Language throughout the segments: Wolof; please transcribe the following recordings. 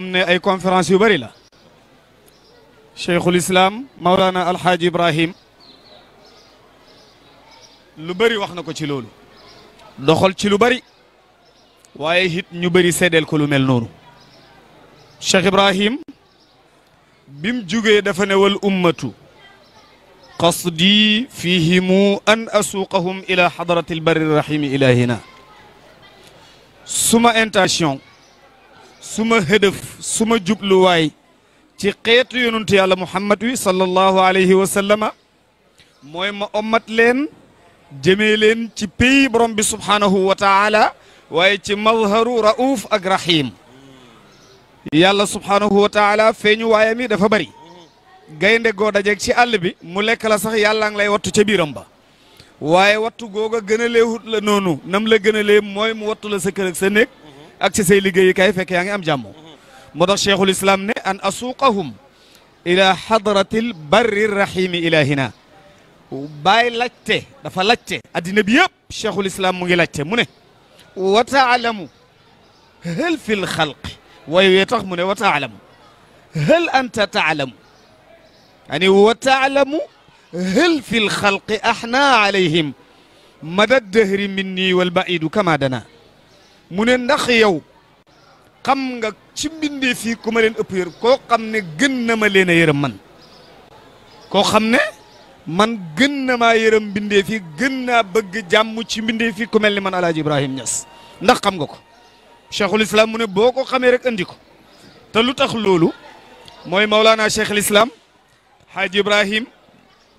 من اي كونفرنس يبري شيخ الاسلام مولانا الحاج ابراهيم لو بري واخناكو سي لولو دخل سي بري وايي هيت ني بري سيدل نورو شيخ ابراهيم بيم جوغي دا فنوال قصدي فيهم ان اسوقهم الى حضره البر الرحيم الى هنا سما انتاشيون suma hëdëf suma jubluwaay ci xeetu yonent yàlla muhammad wi sallallahu alayhi wa sallama mooy ma ommat leen jëmee leen ci pays borom bi subhaanahu wa taala waaye ci mazharu rauf ak yàlla subhaanahu wa taala feeñu waayam yi dafa bari gaynde goo dajeeg ci àll bi mu lekk la sax yàlla ngi lay wattu ca biiram ba waaye wattu googa gën a leewut la noonu nam la gën a lee mooy mu wattu la sa kër sa néeg ak ci say liggéeyukaay fekk yaa ngi am jàmm motax cheikhul islam ne an asuqahum ila hadratil barri rahim ilahina bay lacte dafa lacte adina bi yeb cheikhul islam mu ngi lacte muné wa ta'lamu hal fil khalq way wee tax mu wa ta'lamu hal anta taalamu yani wa taalamu hal fi lxalqi axna alayhim mada dahri minni walbaidu kama dana mu ne ndax yow xam nga ci mbindee fii ku ma leen ëpp yërëm koo xam ne gën na ma leen a yërëm man koo xam ne man gën na ma yërëm mbindee fii gën naa bëgg jàmm ci mbindee fii ku mel ni man alaaji Ibrahim ñas ndax xam nga ko cheikhul islam mu ne boo ko xamee rek andi ko te lu tax loolu mooy maolaana cheikhul islam haaji Ibrahim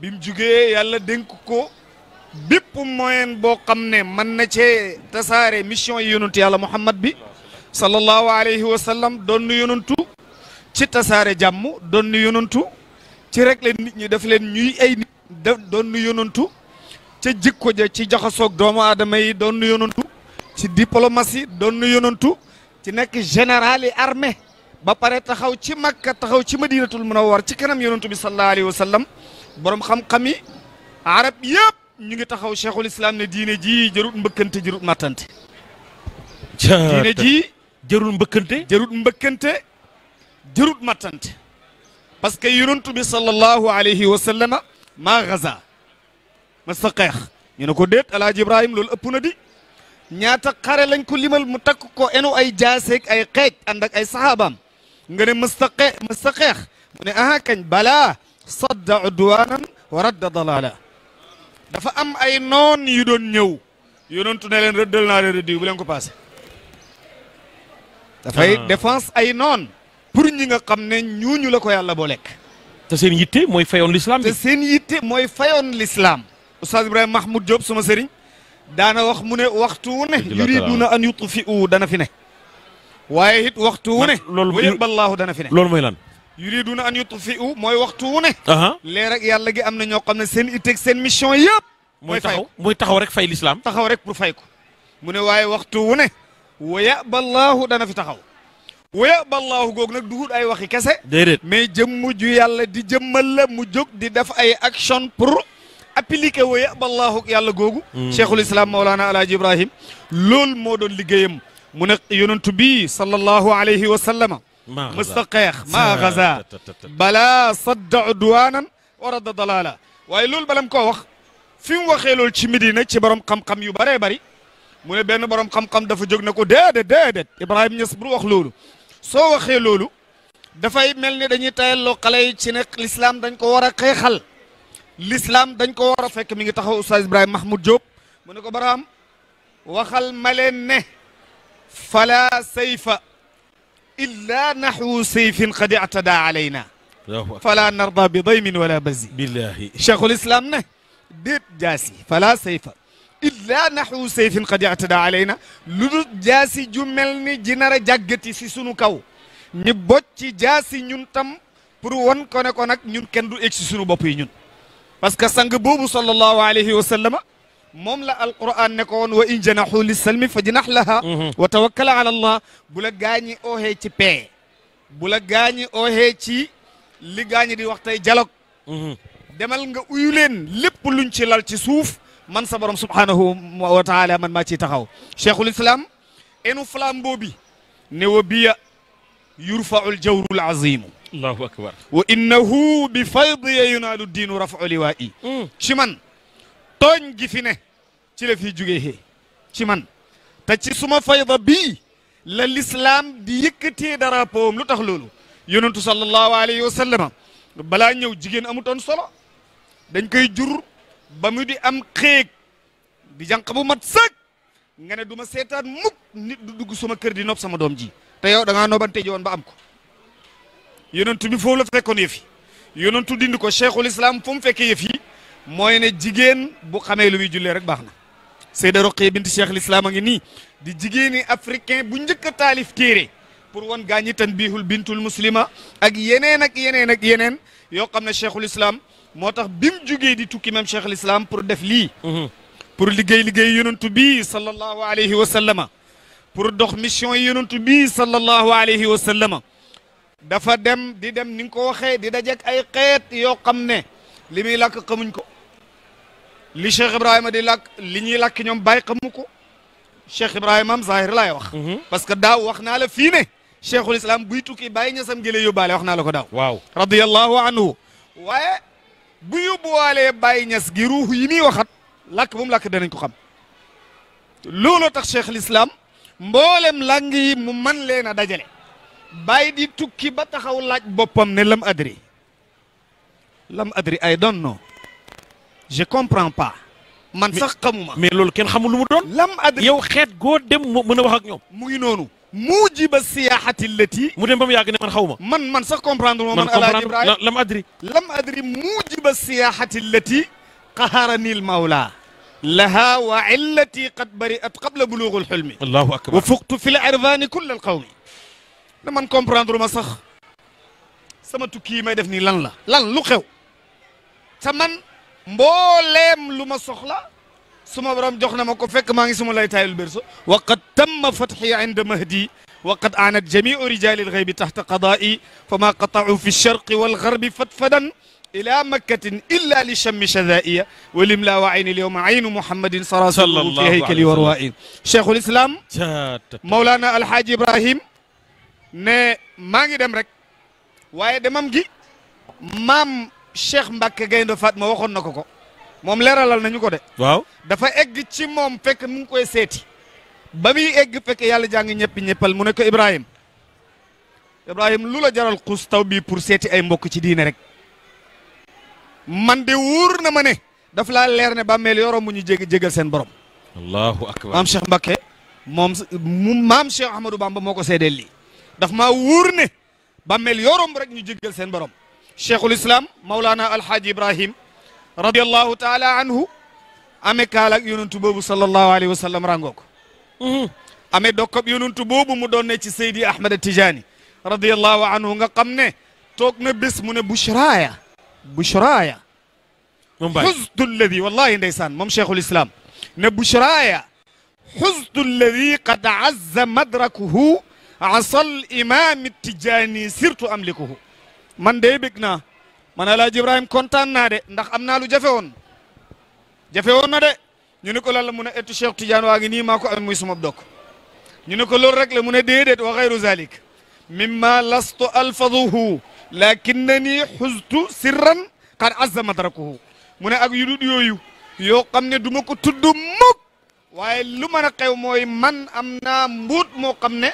bi mu jugee yàlla dénk ko bépp moyen boo xam ne mën na cee tasaare mission yi yonent yàlla muhammad bi sallallahu alayhi wa sallam doon nu yonentu ci tasaare jàmm doon nu yonentu ci rek le nit ñi daf leen ñuy ay nit doon nu yonentu ca jikko ja ci jaxasoog doomu aadama yi doon nu yonentu ci diplomatie doon nu yonentu ci nekk général yi armée ba pare taxaw ci makka taxaw ci madinatul munawwar ci kanam yonentu bi sallallahu alayhi wa sallam borom xam-xam yi arab yëpp ñu ngi taxaw cheikhul islam ne diine ji jërut mbëkkante jërut màttante diine ji jërut mbëkkante jërut mbëkkante jërut màttante parce que yonent bi sallallahu alayhi wa sallama maa gaza ma sa xeex ñu ne ko déet alaaji ibrahim loolu ëpp na di ñaata xare lañ ko limal mu takk ko enu ay jaaseeg ay xeej ànd ak ay saxaabaam nga ne mës ta xeex mës ta xeex mu ne aha kañ balaa sadda udwaanan wa radda dalaala dafa am ay noon yu doon ñëw yonentu ne leen rëddal naa leen rëdd yi bu leen ko passé dafay ah. défense ay noon pour ñi nga xam ne ñuuñu la ko yàlla boo lekk te seen yitte mooy fayoon l'islam te seen yitte mooy fayoon l'islam oustaz ibrahima mahmoud diop suma sëriñ daana wax mu ne waxtu wu ne yuriduna an yutfi'u dana fi ne waaye it waxtu wu ne loolu yëpp ballaahu dana fi ne loolu mooy lan na an yutfi'u mooy waxtu wu ne. leer ak yàlla gi am na ñoo xam ne seen itteeg seen mission yëpp. mooy taxaw mooy taxaw rek fay lislaam taxaw rek pour fay ko. mu ne waaye waxtu wu ne. waya ballaahu dana fi taxaw. waya ballaahu googu nag duhut ay waxi kese. déedéet mais jëmm ju yàlla di jëmmal la mu jóg di def ay action pour. appliqué waya ballaahu yàlla googu. Hmm. cheikhul islam Mawlana Alaaji Ibrahim. loolu moo doon liggéeyam. mu ne yonentu bi sallallahu alayhi wa sallama. ما غزا مستقيخ ما غزا بلا صد عدوانا ورد ضلالا ويلول بلم كو وخ فيم وخيلول شي مدينه شي بروم خم خم يو بري بري مو ني بن بروم خم خم دا فا جوغ نكو ديدت ديدت ابراهيم نصبر وخ لولو سو وخي لولو دا فاي ملني تايل لو خالاي شي الاسلام دنج كو ورا خيخال الاسلام دنج كو ورا فك ميغي تاخو استاذ ابراهيم محمود جوب مو نكو برام وخال مالين فلا سيفا إلا نحو سيف قد اعتدى علينا فلا نرضى بضيم ولا بزي بالله شيخ الإسلام نه ديب جاسي فلا سيف إلا نحو سيف قد اعتدى علينا لدو جاسي جملني جنر جاكتي سي سونو كاو ñi bocci jaasi كونك tam pour اكسي ko بابي ko nag ñun بوبو صلى الله عليه وسلم مملا la alquran ne ko woon wa in janaxu li salmi fa jinax laha wa تي بي بولا غاني la gaañi ooxee ci paix bu la gaañi demal nga uyu lépp luñ ci lal ci souf man sa borom subhanahu wa taala man ma ci taxaw cheikhul islam enu flambeau bi ne wa biya yurfaul jawrul azim azimu allahu akbar wa innahu bi faydiya ad-din rafu liwa'i ci man tooñ gi fi ne ci la fi he ci man ta ci suma fayda bi la l'islam di yekete darapoom lu tax loolu sallallahu alayhi wasallam. bala ñew jigen jigéen amutoon solo dañ koy jur ba mu di am xéeg di jank bu mat nga ne du ma muk, nit du dug suma keur di nop sama domji. ji te yow da nga nobante ji ba am ko yonentu bi fo la fekkone fi yi dindiko cheikhul islam fu mu mooy ne jigéen bu xamee lu muy jullee rek baax na Seyda Roqee binti Cheikh Lislaam a ngi nii di jigéeni africain bu njëkk a taalif téere pour wan gaa ñi tanbihul bintul muslima ak yeneen ak yeneen ak yeneen yoo xam ne Cheikhul Islam moo tax bi mu di tukki même Cheikhul Islam pour def lii. Mhm. pour liggéey liggéey yonent bi sallallahu alayhi wa sallama pour dox mission yonent bi sallallahu alayhi wa sallama dafa dem di dem ni ko waxee di dajeek ay xeet yoo xam ne. limi lak xamuñ ko li Cheikh ibrahim di lak li ñi lak ñom bay xamuko Cheikh ibrahim am zahir lay wax. parce que daw wax naa la fi ne. cheikhul islam buy tukki bàyyi ñasam gëlee yóbbaale wax naa la ko daw waaw radiyallahu anhu way bu yóbbuwaalee bay ñas gi ruux yi muy waxat lak bu mu lak dañ ko xam lolo tax cheikhul islam mbollem làng yi mu man leena dajale. bay di tukki ba taxaw laaj bopam ne lam adri لم ادري اي دون نو جي كومبران با مان صاح خموما مي لول كين خمول مو دون لم ادري يو خيت غو ديم مونا واخك نيوم موي نونو موجب السياحه التي مودم بام ياغ نمان خاوما مان مان صاح كومبراندو مان الا لم ادري لم ادري موجب السياحه التي قهرني المولى لها وعلتي قد برئت قبل بلوغ الحلم الله اكبر وفقت في العرضان كل القوم لمن كومبراندو ما صاح سما توكي ما يدفني لان لا لان لو خيو تمن مولم لما سخلا سما برام جوخنا مكو فك ماغي سما لاي تايل بيرسو وقد تم فتحي عند مهدي وقد عانت جميع رجال الغيب تحت قضائي فما قطعوا في الشرق والغرب فتفدا الى مكه الا لشم شذائي ولملا وعين اليوم عين محمد صلى الله عليه وسلم هيكل وروائي شيخ الاسلام مولانا الحاج ابراهيم ني ماغي دم رك واي دمام جي مام Cheikh Mbacke Gaynde Fatma waxon nako ko mom leralal nañu ko de. waw dafa egg ci mom fek mu ngi seti bamuy egg fek yalla jàng ñepp ñeppal mu ne ko ibrahim Ibrahima lu jaral qus tawbi pour seti ay mbok ci diine rek. man de wour na mané daf la leer né bamél yoro mu ñu jégg jégal seen borom. allahu akbar am Cheikh Mbacke mom mu maam Cheikh Ahmadou Bamba moko sédel li daf maa wóor ne bàmmeel yoroom rek ñu jégal seen borom. Sheikhul Islam Maulana Alhaji Ibrahim radiyallahu taala anhu ame kaalak yonantu boobu sallallahu alayhi wa sallam rango ko ame dokkob yonantu boobu mu doon ne ci Seydi Ahmed Tijani radiyallahu anhu nga xam ne toog na bés mu ne bushraaya bushraaya xuztu alladi wallahi ndeysaan moom Cheikhul Islam ne bushraaya xuztu alladi qad azza madrakuhu asal imaam Tijani sirtu amlikuhu man de bég naa man Alaaji Ibrahima kontaan naa de ndax am naa lu jafe woon jafe woon na de ñu ne ko lan la mun a ettu Cheikh Tidiane waa ngi nii maa ko amee muy suma dokk ñu ne ko loolu rek la mun a déedéet wa xayru zalik mimma lastu na lakinnani xustu sirran qad azza madrakuhu mu ne ak yu dut yooyu yoo xam ne du ma ko tudd waaye lu mën a xew mooy man am naa mbuut moo xam ne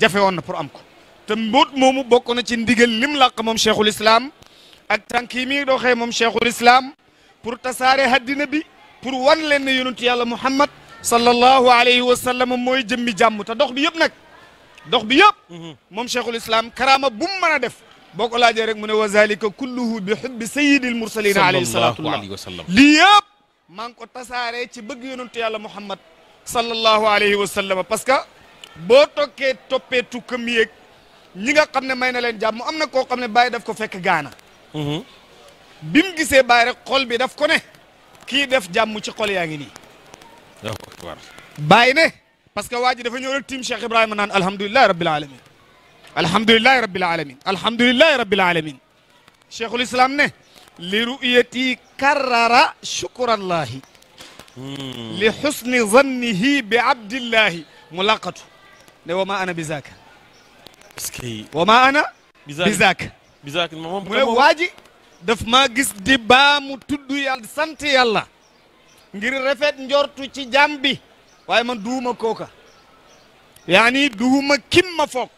jafe woon na pour am ko te mbóot moomu bokk na ci ndigal lim làq moom cheikhul islam ak tànk yi mi doxee moom cheikhul islam pour tasaare haddina bi pour wan leen ne yonentu yàlla muhammad sallallahu alayhi wa sallam mooy jëmmi jàmm te dox bi yëpp nag dox bi yëpp moom cheikhul islam karaama bu mu mën a def boo ko laajee rek mu ne wa zalika kulluhu bi hubbi sayyidil mursalin alayhi salatu wa sallam lii yëpp maa ngi ko tasaaree ci bëgg yonentu yàlla muhammad sallallahu alayhi wa sallam parce que boo tokkee toppee tukkam yeeg ñi nga xam ne may na leen jàmm amna ko xamne Baye daf ko fekk gaana hmm mu gisee Baye rek xol bi daf ko ne ki def jàmm ci xol yaangi ni nii Baye ne parce que waji dafa ñëw tim Cheikh ibrahim nan alhamdullilah rabbil alamin alhamdullilah rabbil alamin alhamdullilah rabbil alamin cheikhul islam ne li ru'yati karara shukran allah لحسن ظنه بعبد الله ملاقته لو ما انا بذاكر wa ma ana bi zaak mu ne waa ji maa gis di baa mu tudd yàlla sant yàlla ngir rafet njortu ci jàmm bi waaye man duuma kooka yaani duuma kim ma foog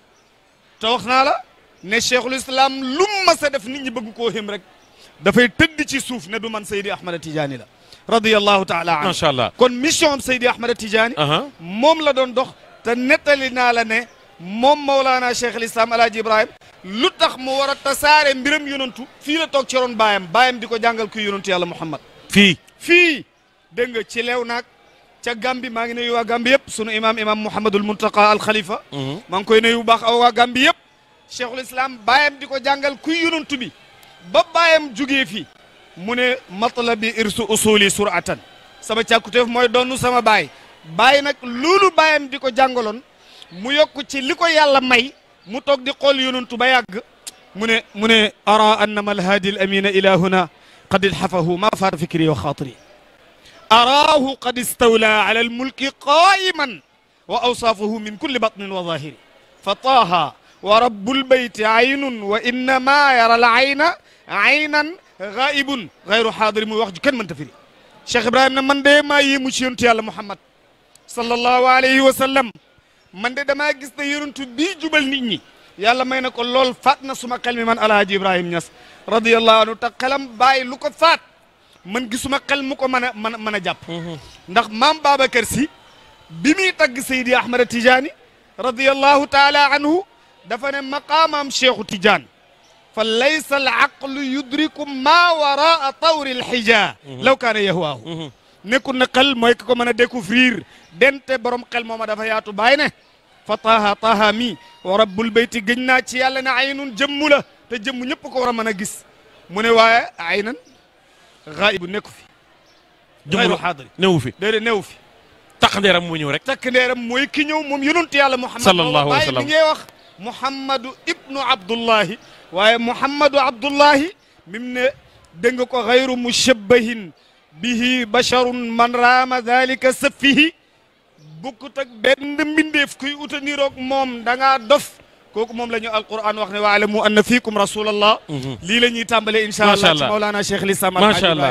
te wax naa la ne cheikhul islam lum ma def nit ñi bëgg koo rek dafay tëdd ci suuf ne du man Seydi Ahmada Tijaani la radiyallahu taala anhu kon mission am Seydi Ahmada Tijaani moom la doon dox te nettali naa la ne moom Mawlana Cheikh al Islam Alaaji Ibrahima lu tax mu war a tasaare mbiram yonantu fii la toog ci roon baayam baayam di ko jàngal ku yonantu yàlla Muhammad fii fii dégg nga ci lew naag ca Gambi maa ngi nuyu waa Gambi yëpp sunu imaam imaam Mouhamadul Muntaqa al Khalifa. Mhm. maa ngi koy nuyu bu baax aw waa Gambi yëpp. Cheikhul Islam baayam di ko jàngal kuy yonantu bi ba baayam jugee fii mu ne matlabi irsu usuli suratan sama càkkuteef mooy doonu sama baay baay nag loolu baayam di ko jàngaloon. mu yokk ci li ko yàlla may mu toog di xool yonantu ba yàgg mu ne mu ne ara annama alhaadi al amina ila huna qad ilxafahu ma faata fikri wa xaatiri araahu qad istawla ala almulki qaayiman wa awsaafuhu min kulli batnin wa zahiri fa taaha wa rabbul bayti aynun wa innama yara al ayna aynan gaibun gayru xaadiri muy wax ju kenn mënta firi Cheikh Ibrahima ne man de maa yéemu ci yontu yàlla Muhammad sallallahu alayhi wa sallam man de damaa gis ne yonent bi jubal nit ñi yàlla may na ko lool faat na suma xel mi man alhaaji ibrahim ñas radiyallahu anhu te xelam bàyyi lu ko faat man gisuma xel mu ko mën a mën a mën a jàpp mhm. ndax maam babacar si bi muy tagg saydi ahmada tijaani radiyallahu taala anhu dafa ne maqaamaam cheikhu tijaan fa laysa al aqlu ma waraa tawri al xija mhm. law نيكو نقل موي كوكو مانا ديكوفرير دنت بروم خيل موما دا فياتو باينه فطاها طاها مي ورب البيت گنا تي يالنا عين جملا تا جم ورا مانا گيس موني واي عينن غائب نيكو في جملا حاضر نيو في دير نيو في تاك نيرام مو نيو رك تاك نيرام موي كي محمد صلى الله عليه وسلم محمد ابن عبد الله واي عبد الله ميم ن غير مشبهين به بشر من رام ذلك سفيه بكتك بند من دفكي اتني روك موم دانا دف كوك موم لنيو القرآن وخني وعلمو أن فيكم رسول الله لي لنيو تامبلي إن شاء الله مولانا شيخ ما شاء الله